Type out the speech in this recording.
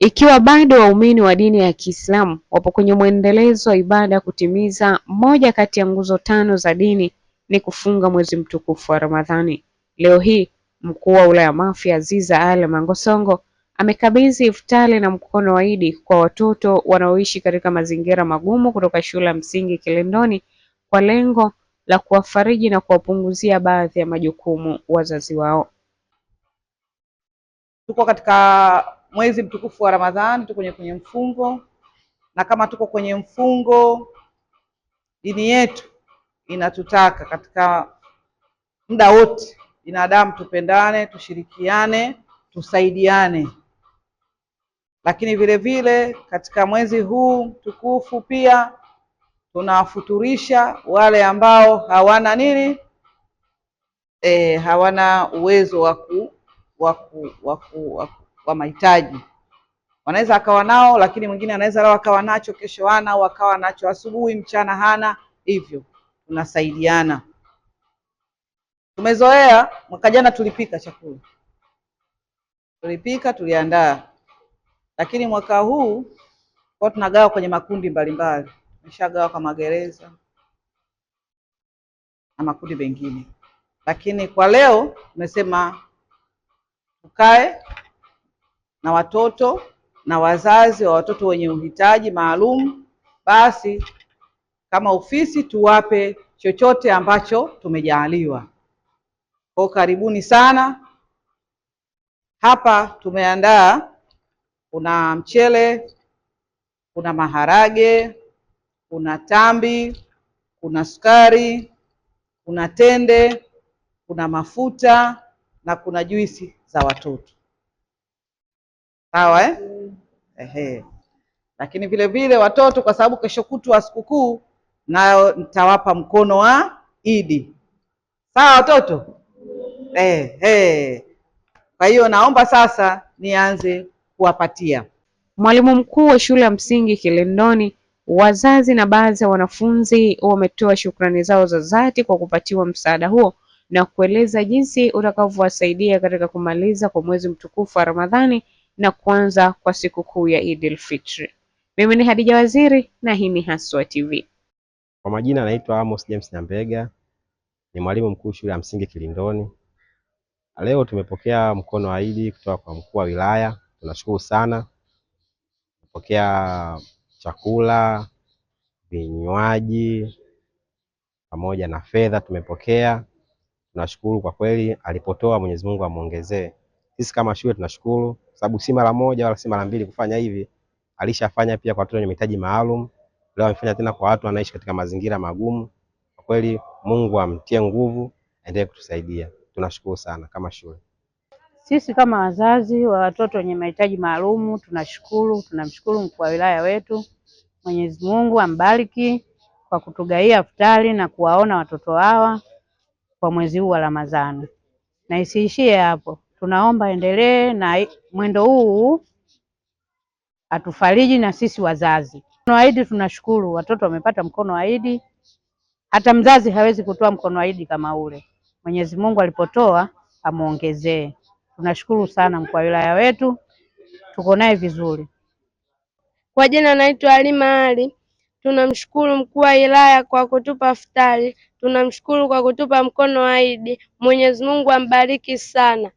Ikiwa bado waumini wa dini ya Kiislamu wapo kwenye mwendelezo wa ibada kutimiza moja kati ya nguzo tano za dini ni kufunga mwezi mtukufu wa Ramadhani. Leo hii mkuu wa wilaya Mafia Aziza Ali Mangosongo amekabidhi iftari na mkono wa Idi kwa watoto wanaoishi katika mazingira magumu kutoka shule ya msingi Kilindoni kwa lengo la kuwafariji na kuwapunguzia baadhi ya majukumu wazazi wao. Tuko katika mwezi mtukufu wa Ramadhani, tuko kwenye mfungo, na kama tuko kwenye mfungo, dini yetu inatutaka katika muda wote binadamu tupendane, tushirikiane, tusaidiane. Lakini vile vile katika mwezi huu mtukufu pia tunawafuturisha wale ambao hawana nini, e, hawana uwezo wa ku wa mahitaji. Wanaweza akawa nao, lakini mwingine anaweza leo akawa nacho, kesho hana, au akawa nacho asubuhi, mchana hana, hivyo tunasaidiana. Tumezoea, mwaka jana tulipika chakula, tulipika, tuliandaa, lakini mwaka huu kwa tunagawa kwenye makundi mbalimbali, tumeshagawa kwa magereza na makundi mengine, lakini kwa leo tumesema tukae na watoto na wazazi wa watoto wenye uhitaji maalum, basi kama ofisi tuwape chochote ambacho tumejaaliwa. Kwa karibuni sana. Hapa tumeandaa kuna mchele, kuna maharage, kuna tambi, kuna sukari, kuna tende, kuna mafuta na kuna juisi za watoto sawa eh? Mm. Ehe. Lakini vile vile watoto, kwa sababu kesho kutu wa sikukuu, nayo nitawapa mkono wa Idi, sawa watoto eh? Kwa hiyo naomba sasa nianze kuwapatia. Mwalimu mkuu wa shule ya msingi Kilindoni, wazazi na baadhi ya wanafunzi wametoa shukrani zao za dhati kwa kupatiwa msaada huo na kueleza jinsi utakavyowasaidia katika kumaliza kwa mwezi mtukufu wa Ramadhani na kuanza kwa sikukuu ya al-Fitr. Mimi ni Hadija Waziri na hii ni Haswa TV. Kwa majina anaitwa Amos James Nyambega, ni mwalimu mkuu shule ya msingi Kilindoni. Leo tumepokea mkono wa Idi kutoka kwa mkuu wa wilaya, tunashukuru sana. Tumepokea chakula, vinywaji pamoja na fedha tumepokea, tunashukuru kwa kweli. Alipotoa Mwenyezi Mungu amwongezee. Sisi kama shule tunashukuru sababu si mara moja wala si mara mbili kufanya hivi. Alishafanya pia kwa watoto wenye mahitaji maalum, leo amefanya tena kwa watu wanaishi katika mazingira magumu. Kwa kweli, Mungu amtie nguvu, endelee kutusaidia. Tunashukuru sana kama shule. Sisi kama wazazi wa watoto wenye mahitaji maalum tunashukuru, tunamshukuru mkuu wa wilaya wetu, Mwenyezi Mungu ambariki kwa kutugaia futari na kuwaona watoto hawa kwa mwezi huu wa Ramadhani, na isiishie hapo. Tunaomba endelee na mwendo huu, atufariji na sisi wazazi. Mkono wa Idi tunashukuru, watoto wamepata mkono wa Idi. Hata mzazi hawezi kutoa mkono wa Idi kama ule. Mwenyezi Mungu alipotoa amuongezee. Tunashukuru sana mkuu wa wilaya wetu, tuko naye vizuri. Kwa jina naitwa Halima Ali. Tunamshukuru mkuu wa wilaya kwa kutupa futari, tunamshukuru kwa kutupa mkono wa Idi. Mwenyezi Mungu ambariki sana.